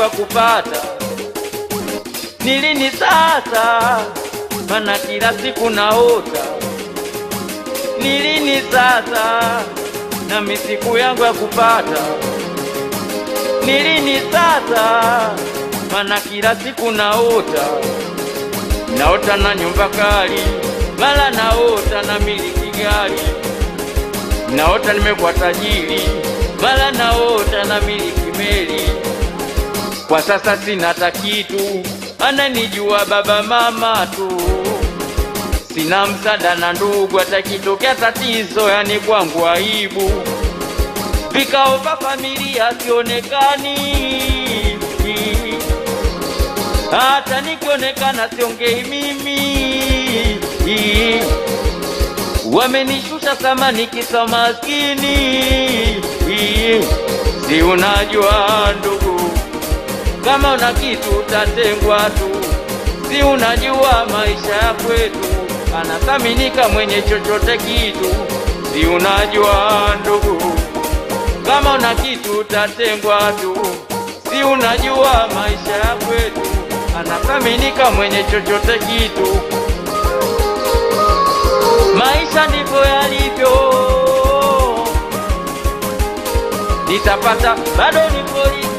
kwa kupata nilini sasa? Mana kila siku naota ni nilini sasa, na misiku yangu ya kupata nilini sasa? Mana kila siku naota, naota na nyumba kali, mala naota na miliki gari, naota nimekuwa tajiri, mala naota na miliki meli kwa sasa sina ta kitu, ananijua baba mama tu. Sina msada na ndugu, atakitokea tatizo yani kwangu aibu. Vikao vya familia sionekani, hata nikionekana siongei mimi. Wamenishusha thamani kisa maskini, si unajua ndugu kama una kitu utatengwa tu, si unajua maisha ya kwetu anathaminika mwenye chochote kitu, si unajua ndugu. Kama una kitu utatengwa tu, si unajua maisha ya kwetu anathaminika mwenye chochote kitu. Maisha ndivyo yalivyo, nitapata bado nipo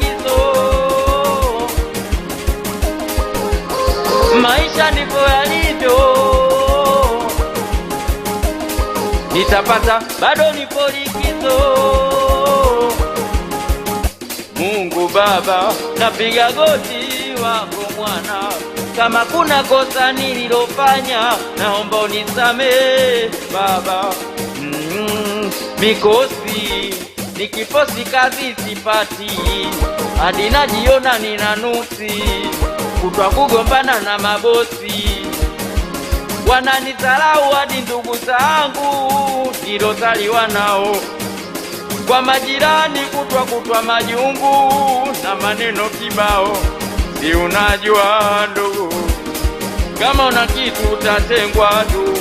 maisha ndivyo yalivyo, nitapata bado nipo likizo. Mungu Baba, napiga goti wako Mwana, kama kuna kosa nililofanya naomba unisamehe Baba. Mm-hmm. mikosi nikiposi kazi sipati hadi najiona nina nusi kutwa kugombana na mabosi, wananidharau hadi ndugu zangu nilozaliwa nao, kwa majirani kutwa kutwa majungu na maneno kibao. Si unajua ndugu, kama una kitu utatengwa tu.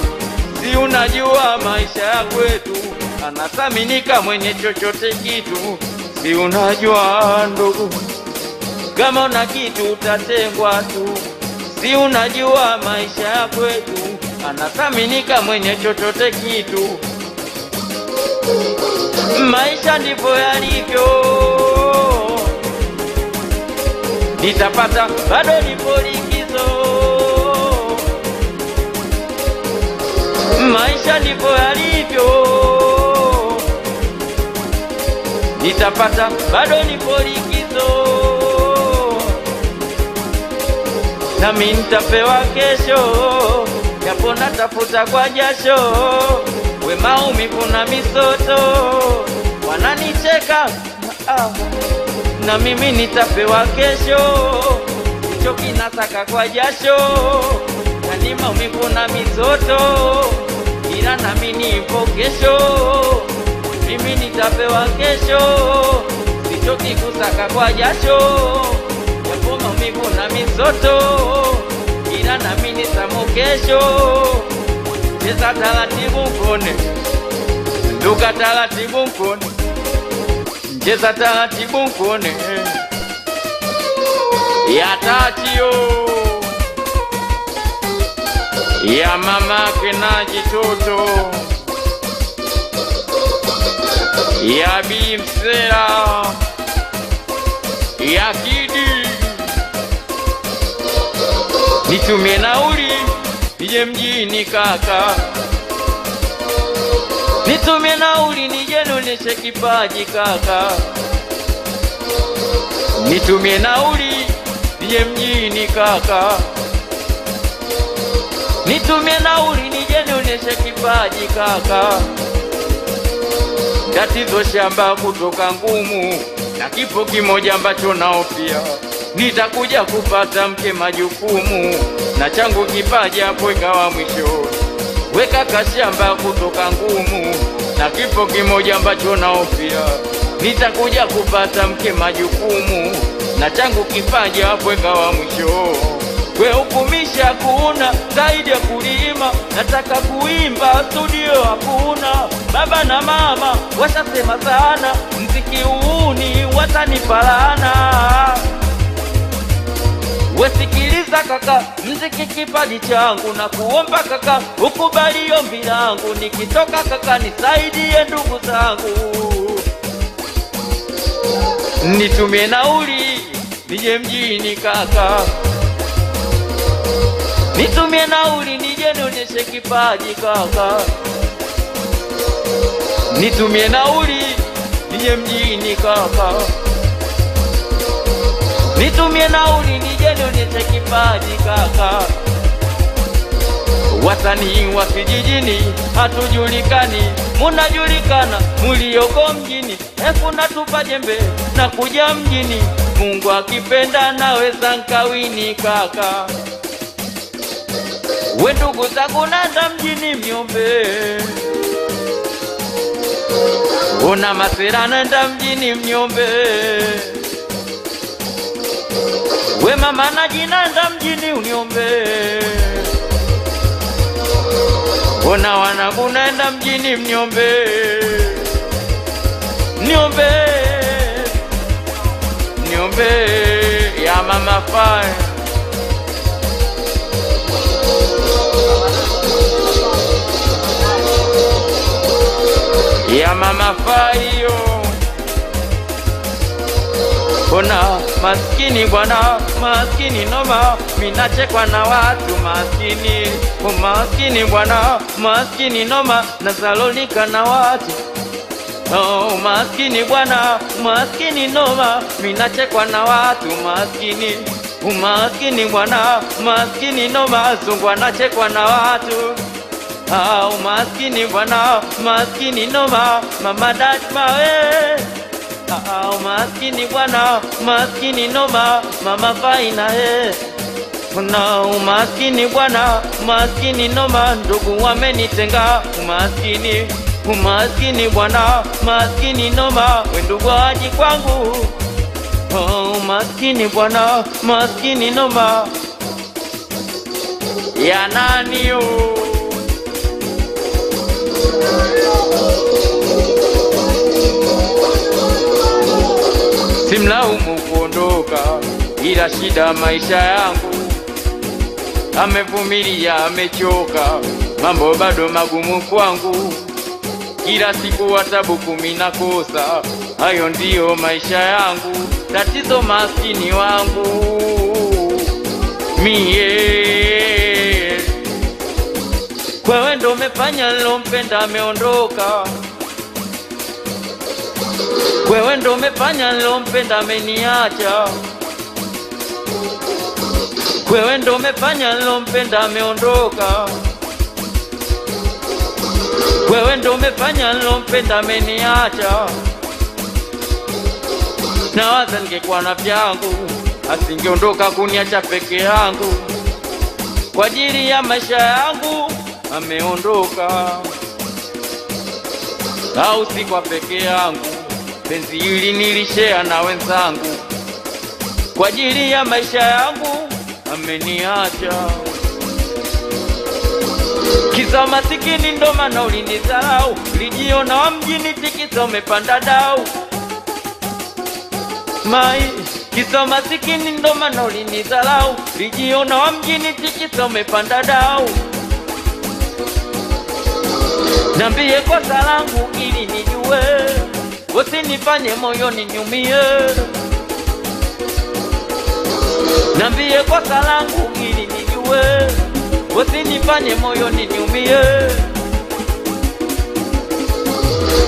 Si unajua maisha ya kwetu anathaminika mwenye chochote kitu. Si unajua ndugu kama una kitu utatengwa tu, si unajua maisha ya kwetu, anathaminika mwenye chochote kitu. Maisha ndivyo yalivyo, nitapata bado nipo likizo. Maisha ndivyo yalivyo, nitapata bado nipo likizo. nami nitapewa kesho, japo natafuta kwa jasho, we maumivu na misoto, wananicheka na mimi nitapewa kesho, hicho kinasaka kwa jasho, yani maumivu na misoto, ila nami nipo kesho, mimi nitapewa kesho, sicho kusaka kwa jasho, japo maumivu na misoto kesho. Cheza taratibu mkone, nduka taratibu mkone, cheza taratibu mkone, ya tatio ya mama na kitoto ya bimsela ya kidi nitumie nauli nije mjini kaka, nitumie nauli nije nionyeshe kipaji kaka, nitumie nauli nije mjini kaka, nitumie nauli nije nionyeshe kipaji kaka. Tatizo shamba kutoka ngumu na kipo kimoja ambacho naofia nitakuja kupata mke majukumu na changu kipaja hapo ikawa mwisho. Weka kashamba kutoka ngumu na kifo kimoja ambacho naofia, nitakuja kupata mke majukumu na changu kipaja hapo ikawa mwisho. Wehukumisha hakuna zaidi ya kulima, nataka kuimba studio hakuna. Baba na mama washasema sana, mziki uuni watanipalana Wesikiliza kaka, mziki kipaji changu na kuomba kaka, ukubali ombi langu, nikitoka kaka nisaidie ndugu zangu, nitumie nauli nije mjini kaka, nitumie nauli nije nionyeshe kipaji kaka, nitumie nauli nije mjini kaka nitumie nauli nije nionyeshe kipaji kaka. Wasanii wa kijijini hatujulikani, munajulikana mulioko mjini. Hefu natupa jembe na kuja mjini, Mungu akipenda naweza nkawini kaka. We ndugu zangu nanda mjini mnyombe, una masira nanda mjini mnyombe We mama na jina nda mjini uniombe, ona wanangu naenda mjini mniombe, niombe niombe ya mama fai ya mama fai Ona maskini bwana, maskini noma, minachekwa na watu maskini. Umaskini bwana, maskini noma, nazalolika na watu Oh, maskini bwana, maskini noma, minachekwa na watu maskini. Umaskini bwana, maskini noma, zungu anachekwa na watu ah, umaskini bwana, maskini noma, mama dad mawe eh. Ah, ah, umaskini bwana, umaskini noma, mama faina he na umaskini bwana, umaskini noma, ndugu wamenitenga, umaskini umaskini bwana, umaskini noma, wendugu waji kwangu oh, umaskini bwana, maskini noma ya nani yo Simlaumu kuondoka, ila shida maisha yangu, amevumilia amechoka, mambo bado magumu kwangu, kila siku watabu kumi na kosa, hayo ndiyo maisha yangu, tatizo maskini wangu mie, kwewe ndo umefanya nilompenda ameondoka wewe ndo umefanya nilompenda ameniacha, wewe ndo umefanya nilompenda ameondoka wewe ndo umefanya nilompenda ameniacha na waza ningekuwa na vyangu asingeondoka kuniacha peke yangu kwa ajili ya maisha yangu ameondoka au si kwa peke yangu penzi hili nilishea na wenzangu, kwa ajili ya maisha yangu ameniacha. Kisa masikini, ndo maana ulinidharau, lijiona wa mjini tikisa umepanda dau mai kisa masikini, ndo maana ulinidharau, lijiona wa mjini tikisa umepanda dau Nambie kosa langu ili nijue usinifanye moyo ninyumie, nambie kosa langu ili nijue, usinifanye moyo ninyumie.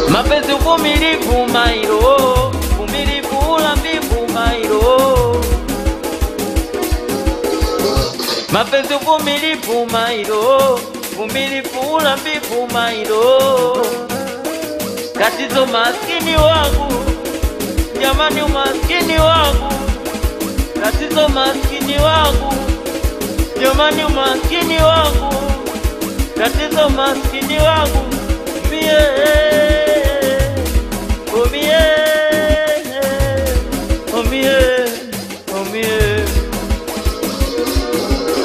Mapenzi uvumilivu mairo, uvumilivu ulambivu mairo, mapenzi uvumilivu mairo, uvumilivu ulambivu mairo Tatizo maskini wangu, jamani, umaskini wangu, tatizo maskini wangu, jamani, umaskini wangu, tatizo maskini wangu mie omie omie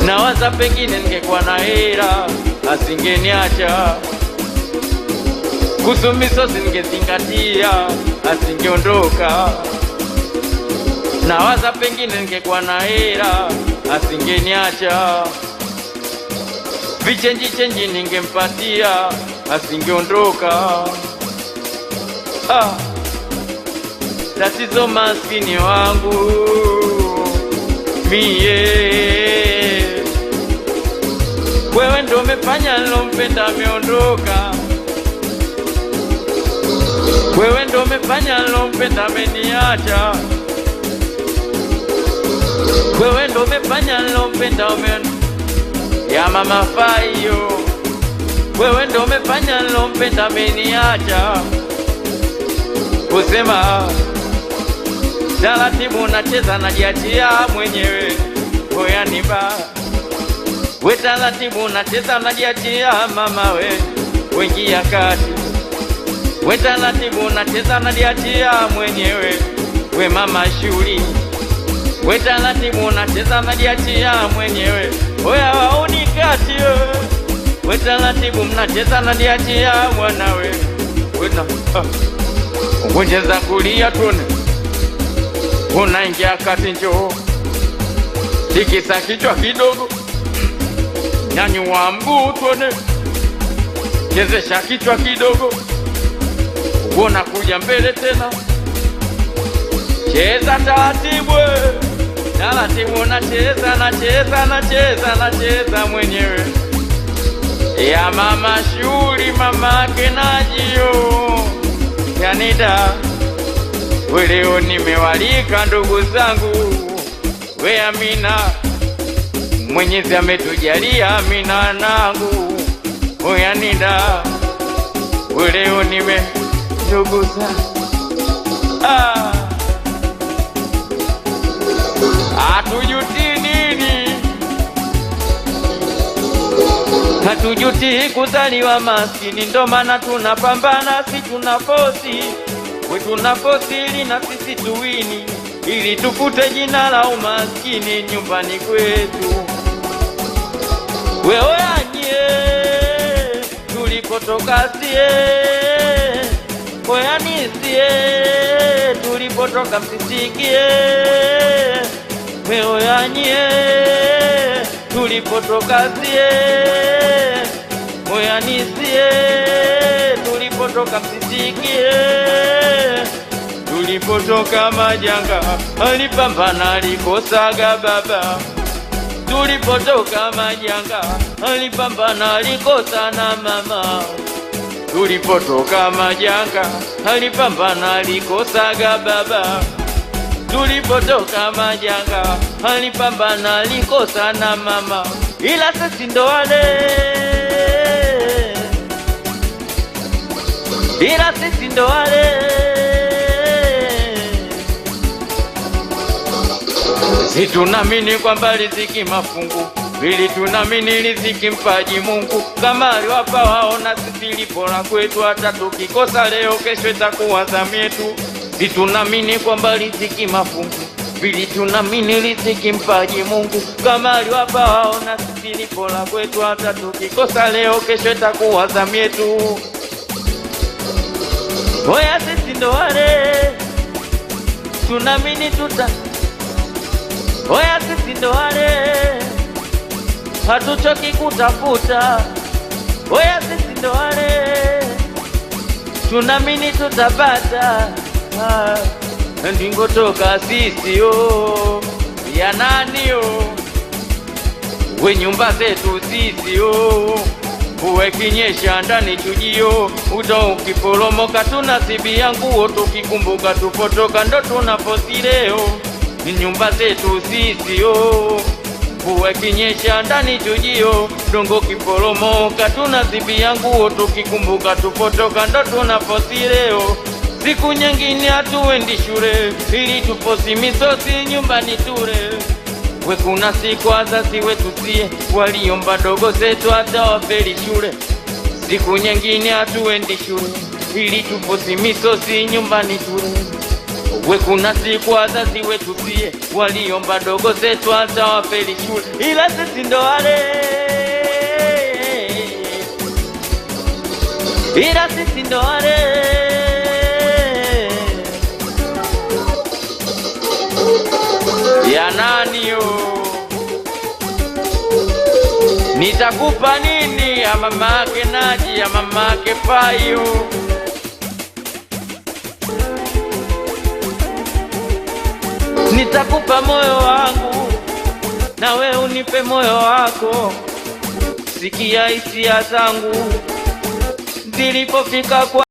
nawaza pengine ningekuwa na hela asingeniacha kuhusu misosi ningezingatia, asingeondoka na waza, pengine ningekuwa na hera, asingeniacha vichenji chenji ningempatia, asingeondoka. Ah, tatizo maskini wangu mie, wewe ndo umefanya nilompenda ameondoka wewe ndo umefanya lompenda, umeniacha. Wewe ndo umefanya lompenda, umen ya mama Fayo. Wewe ndo umefanya lompenda, umeniacha. Kusema taratibu, nacheza najiachia mwenyewe, oyaniba we taratibu, nacheza najiachia mama we, ya kati we taratibu nacheza najiachia mwenyewe, we mama shuli, we taratibu nacheza najiachia mwenyewe, oya waoni kati we taratibu mnacheza najiachia mwanawe, ungwenjeza kulia tune unaingia kati, njoo tikisa kichwa kidogo, nyanyua mguu tune chezesha kichwa kidogo wona kuja mbele tena, cheza taratibu, taratibu, nacheza nacheza nacheza nacheza mwenyewe ya mama shuri mama yake najio yanida. Leo nimewalika ndugu zangu, we Amina, Mwenyezi ametujalia Amina nangu, oyanida, leo nime chogoza ah. Hatujuti nini? Hatujuti kuzaliwa maskini, ndo maana tunapambana, si tuna we tunafosi, ili na sisi tuwini, ili tufute jina la umaskini nyumbani kwetu. Wewe anyie tulikotoka sie koyani sie tulipotoka msitikie mioyo yanyie tulipotoka sie moyani sie tulipotoka msitikie tulipotoka majanga alipambana alikosaga baba tulipotoka majanga alipambana alikosa na mama Tulipotoka majanga alipambana, alikosaga baba. Tulipotoka majanga alipambana, alikosa na mama, ila sisi ndo wale, ila sisi ndo wale, situnamini kwa mbali ziki mafungu Mbili tunamini riziki mpaji Mungu, kama aliwapa waona sisi lipora kwetu, hata tukikosa leo, kesho itakuwa zamu yetu. Litunamini kwamba riziki mafungu, mbili tunamini riziki mpaji Mungu, kama aliwapa waona sisi lipora kwetu, hata tukikosa leo, kesho itakuwa zamu yetu. Oya sisi ndo wale tunamini tuta, oya sisi ndo wale hatuchoki kutafuta, oya sisi ndo wale tunamini tutapata ah, ndingotoka sisi yo oh, ya nani yo oh? we nyumba zetu sisi yo oh, uwe kinyesha ndani chujio, uta ukiporomoka tunasibia nguo, tukikumbuka tupotoka ndo tunaposileo, nyumba zetu sisi yo mvua kinyesha ndani chujio, dongo kiporomoka, tuna zibi nguo, tukikumbuka tupotoka ndo tunaposileo siku nyingine hatuendi shule ili tuposi misosi nyumbani ture. Wekuna siku wazazi wetu sie waliomba dogo zetu hata wafeli shule. Siku nyingine hatuendi shule ili tuposi misosi nyumbani ture siku wazazi wetu pia waliomba dogo zetu hata wafeli shule, ila sisi ndo wale, ila sisi ndo wale ya nani yo nitakupa nini ya mamake naji ya mamake payu nitakupa moyo wangu na we unipe moyo wako. Sikia hisia zangu zilipofika kwa